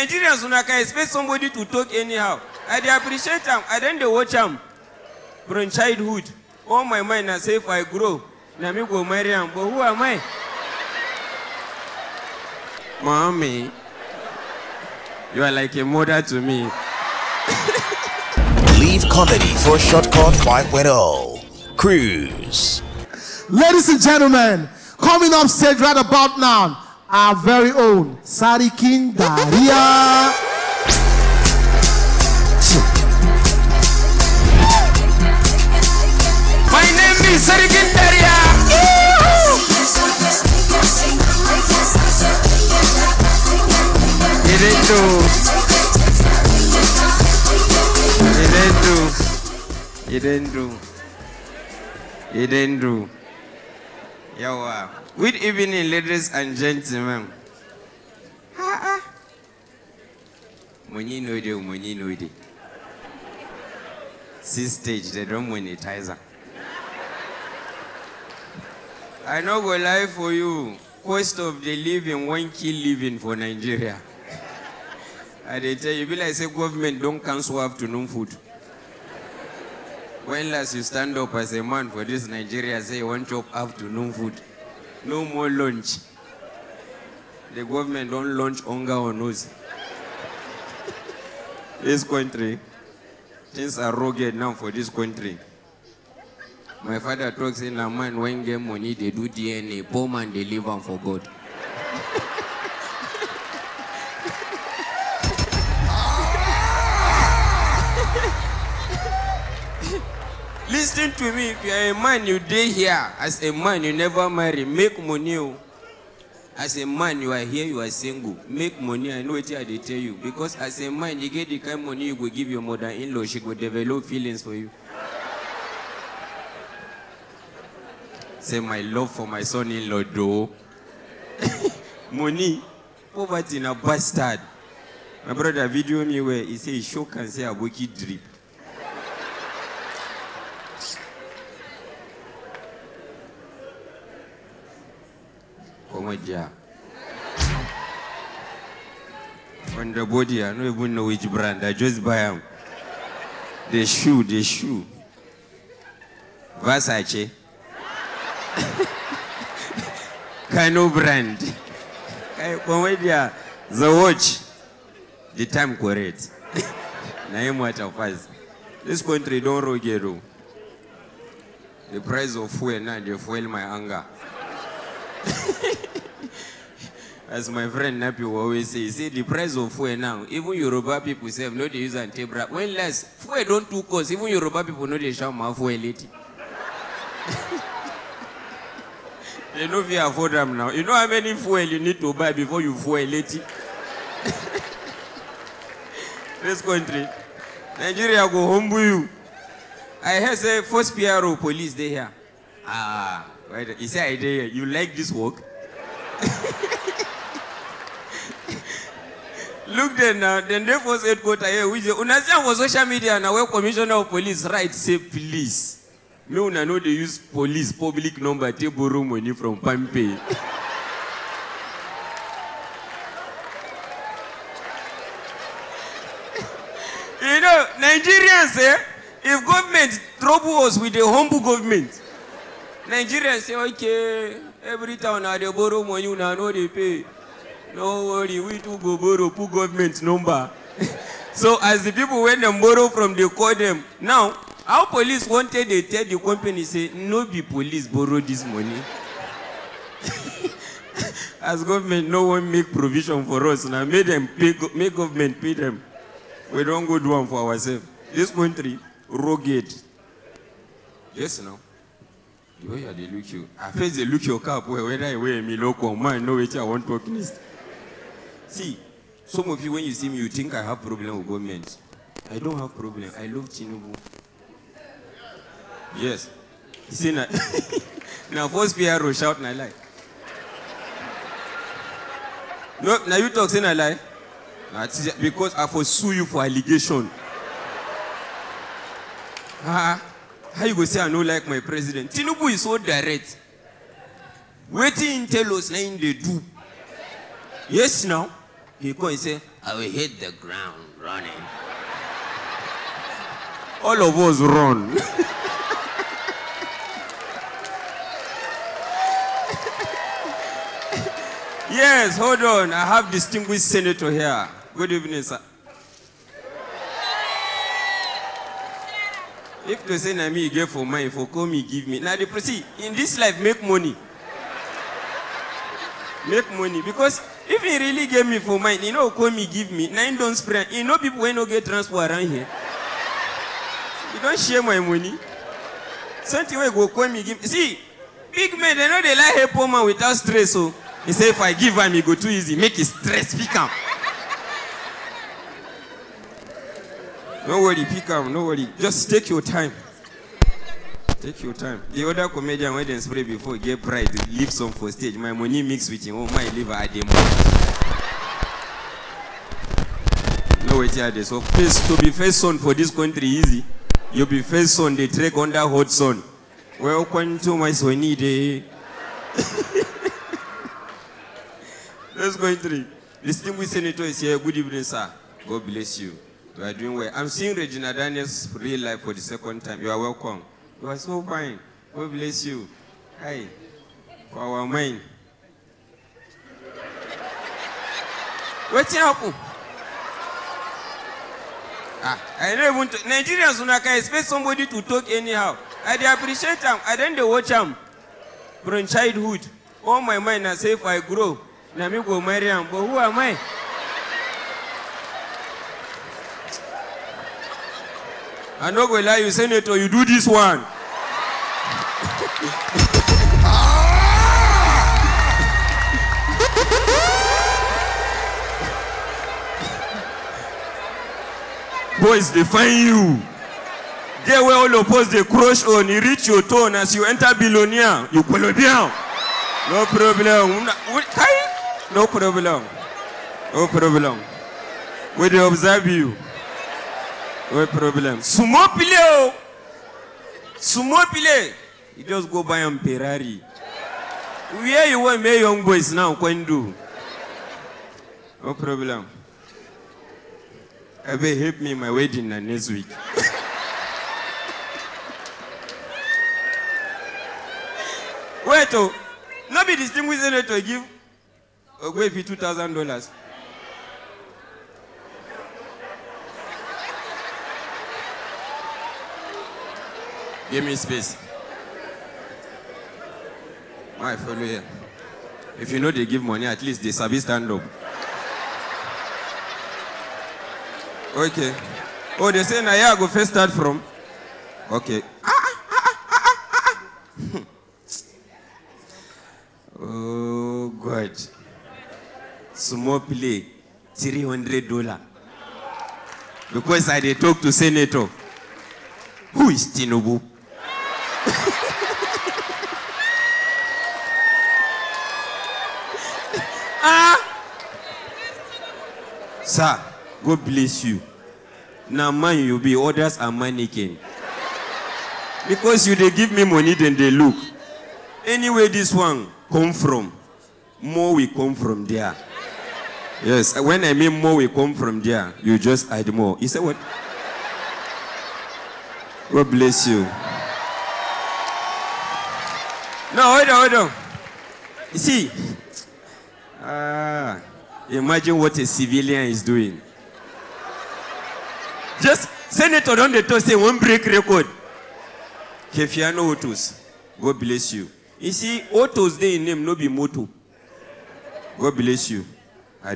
nigerians I can expect somebody to talk anyhow i appreciate them. i then they watch them from childhood all my mind I say if i grow let me go marry them. but who am i. Mommy, you are like a mother to me. Leave comedy for Shotcut 5.0. Cruise. Ladies and gentlemen, coming up stage right about now, our very own Sarikin Daria. My name is Sarikin Daria. Direito. Direito. Direito. Direito. Yawa. Good evening, ladies and gentlemen. Ha ha. Money no idea, money no idea. This stage, they don't monetize. I no go lie for you. Cost of the living, one key living for Nigeria. I dey tell you, be like say government don't don cancel no food. When last you stand up as a man for this Nigeria, say you want to afternoon food, no more lunch. The government don't launch hunger on us. this country, things are rugged now for this country. My father talks in a man when get money, they do DNA, poor man, they live on for God. Listen to me, if you are a man, you stay here. As a man, you never marry. Make money. Oh. As a man, you are here, you are single. Make money, I know what I tell you. Because as a man, you get the kind of money you will give your mother-in-law, she will develop feelings for you. Say my love for my son-in-law, though. money, poverty, na bastard. My brother video me where he say he shook and say a wicked drip. Bodia. On the body, I don't even know which brand. I just buy them. The shoe, the shoe. Versace. kind of brand. Bodia, the watch. The time correct. Naim watch of us. This country don't roll The price of fuel now, they fuel my anger. As my friend Napi always say, see the price of fuel now, even Yoruba people say, no, they use antebra. When less, fuel don't too cost, even Yoruba people know they shout my fuel lady. they know we afford them now. You know how many fuel you need to buy before you fuel lady? this country. Nigeria go humble you. I hear say first PRO police they here. Ah, right. He say I You like this work? Look then now, uh, then they force headquarter here, which they understand for social media now where commissioner of police right say police. No, una know they use police public number take borrow money from Pampe. you know, Nigerians, eh, if government trouble us with the humble government, Nigerians say, okay, every town now they borrow money, now know they pay. No worry, we too go borrow, put government number. so as the people when them borrow from, they call them. Now, our police wanted, they tell the company, say, no be police borrow this money. as government, no one make provision for us. Now, make them pay, make government pay them. We don't go do one for ourselves. This country, rugged. Yes, now. The way they look you, at first they look your cap, whether I wear me local, man, know which I want to talk next. See, some of you, when you see me, you think I have problem with government. I don't have problem. I love Tinubu. Yes. See, now, now first PRO shout I lie. No, now you talk say like. lie. That's because I sue you for allegation. Ah, how you go say I no like my president? Tinubu is so direct. Waiting tell us na in the do. Yes now. He go and say, I will hit the ground running. All of us run. yes, hold on. I have distinguished senator here. Good evening, sir. If they say na me get for mine, for call me, give me. Now they proceed. In this life, make money. Make money. Because if he really gave me for mine you know, call me give me na him don spray You know people when no get transport around here he don't share my money something wey go call me give me see big men they know they like help poor man without stress so. Oh. he say if i give am e go too easy make he stress pick up. no worry pick up. no worry just take your time. Take your time. The other comedian went and spray before get pride, leave some for stage. My money mix with him. Oh, my liver at the moment. No wait here. this. So first, to be first son for this country easy. You be first son, they trek under hot sun. Welcome to my sunny day. Let's go in three. Distinguished Senator is here. Good evening, sir. God bless you. You are doing well. I'm seeing Regina Daniels real life for the second time. You are welcome. You are so fine. God bless you. Hi. For our mind. Wetin happen? Ah, I don't even talk. Nigerians una can expect somebody to talk anyhow. I dey appreciate am. I don dey watch am from childhood. All my mind na say if I grow, na me go marry am. But who am I? I no go lie you, Senator, you do this one boys dey find you Get where all your opposed dey crush on e reach your tone as you enter billionaire you kolo no problem una kai no problem no problem we dey observe you no problem small play o small play. You just go buy a Ferrari. Where you want me, young boys now, Kwendu? No problem. I will help me in my wedding next week. Wait, oh, not be distinguished to oh, give. Ogwe oh, be two thousand dollars. Give me space. My fellow here. If you know they give money, at least they service stand up. Okay. Oh, they say, now I go first start from. Okay. Ah, ah, ah, oh, God. Small play, $300. Because I they talk to senator. Who is Tinubu? Ah! Sir, God bless you. Now man you be, others are mannequin. Because you they give me money, then they look. Anyway, this one come from. More we come from there. Yes, when I mean more we come from there, you just add more. You say what? God bless you. No, hold on, hold on. You see, Ah, imagine what a civilian is doing. Just Senator Dondeto say one break record. Kefiano Otos, God bless you. You see, Otos they name no be moto. God bless you. I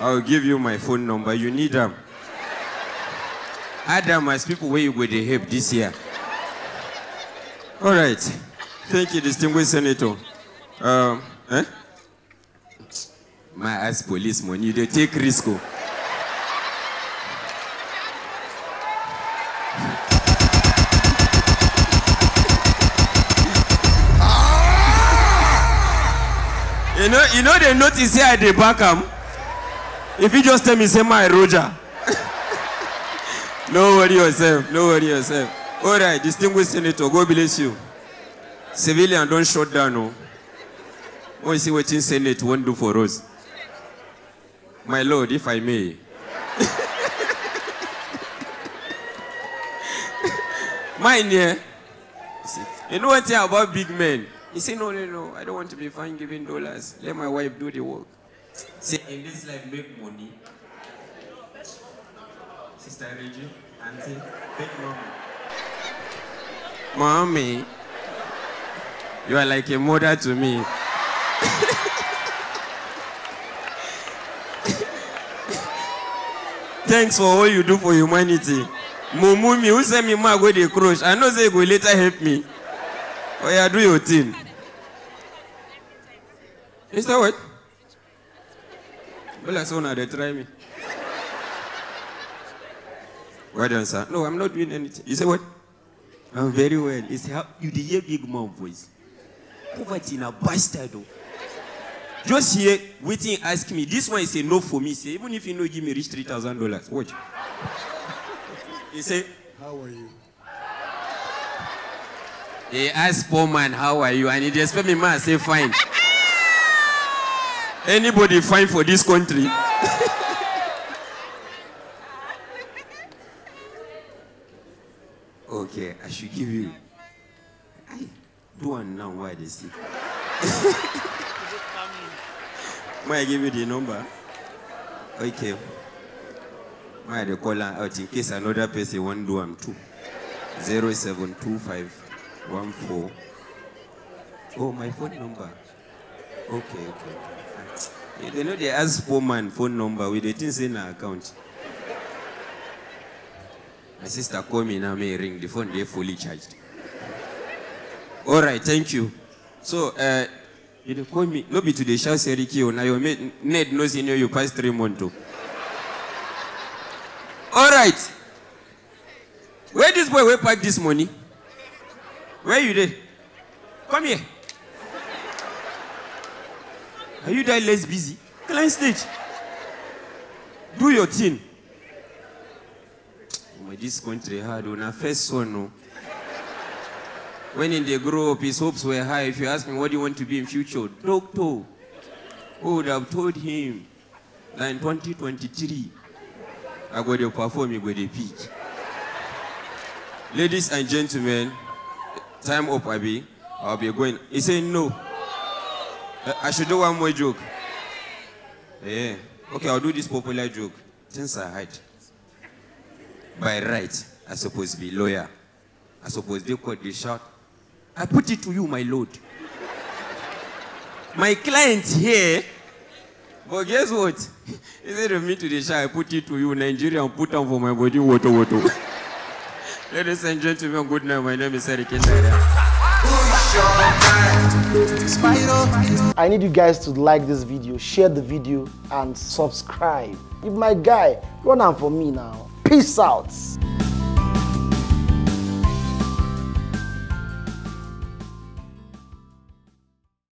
I'll give you my phone number. You need them. Adam, as people where you go to help this year. All right. Thank you, distinguished senator. Um, eh? My eyes police money. They take risk oh. ah! you know you know the notice here at the back am um, if you just tell me say my roger no worry yourself no worry yourself all right distinguished senator god bless you civilian don't shut down oh we see what Senate won't do for us. My Lord, if I may. Mine here. You know what about big men? He said, no, no, no, I don't want to be fine giving dollars. Let my wife do the work. See, in this life, make money. Sister Reggie, auntie, big mommy. Mommy, you are like a mother to me. Thanks for all you do for humanity. Mumu mi. who send me ma go dey crush? I know say go later help me. Oh yeah, do your thing. Is that what? Well, I saw now they try me. Well done, sir. No, I'm not doing anything. You say what? I'm very well. It's how you hear big man voice. Poverty na a bastard oh. Just here, waiting, ask me. This one is a no for me. Say, even if you know, give me reach three thousand dollars. Watch. he say, How are you? He asked poor man, How are you? And he expect me man say, Fine. Anybody fine for this country? okay, I should give you. I do one now. Why they see? Um, May I give you the number? Okay. May I call out in case another person won't do them too. 072514. Oh, my phone number. Okay, okay. They know they ask poor man phone number with the things in our account. My sister called me now, may ring. The phone, they fully charged. All right, thank you. So, uh, You dey call me. No be to dey shout Seriki o. Na your maid no you pass three months All right. Where this boy wey pack this money? Where you there? Come here. Are you that less busy? Clean stage. Do your thing. Oh, this country hard. Una oh, first one o. Oh. No. When in grew up, his hopes were high. If you ask him, what do you want to be in future? Doctor. Who would have told him that in 2023, I go to perform, I go to peak. Ladies and gentlemen, time up, Abby. I'll be going. He said, no. I should do one more joke. Yeah. Okay, I'll do this popular joke. things are hard By right, I suppose be lawyer. I suppose they could be shot I put it to you, my Lord. my clients here, but guess what? Instead of me to the shower, I put it to you, Nigeria, and put on for my body, water, water. Ladies and gentlemen, good night. My name is Eric I need you guys to like this video, share the video, and subscribe. If my guy, run on for me now. Peace out.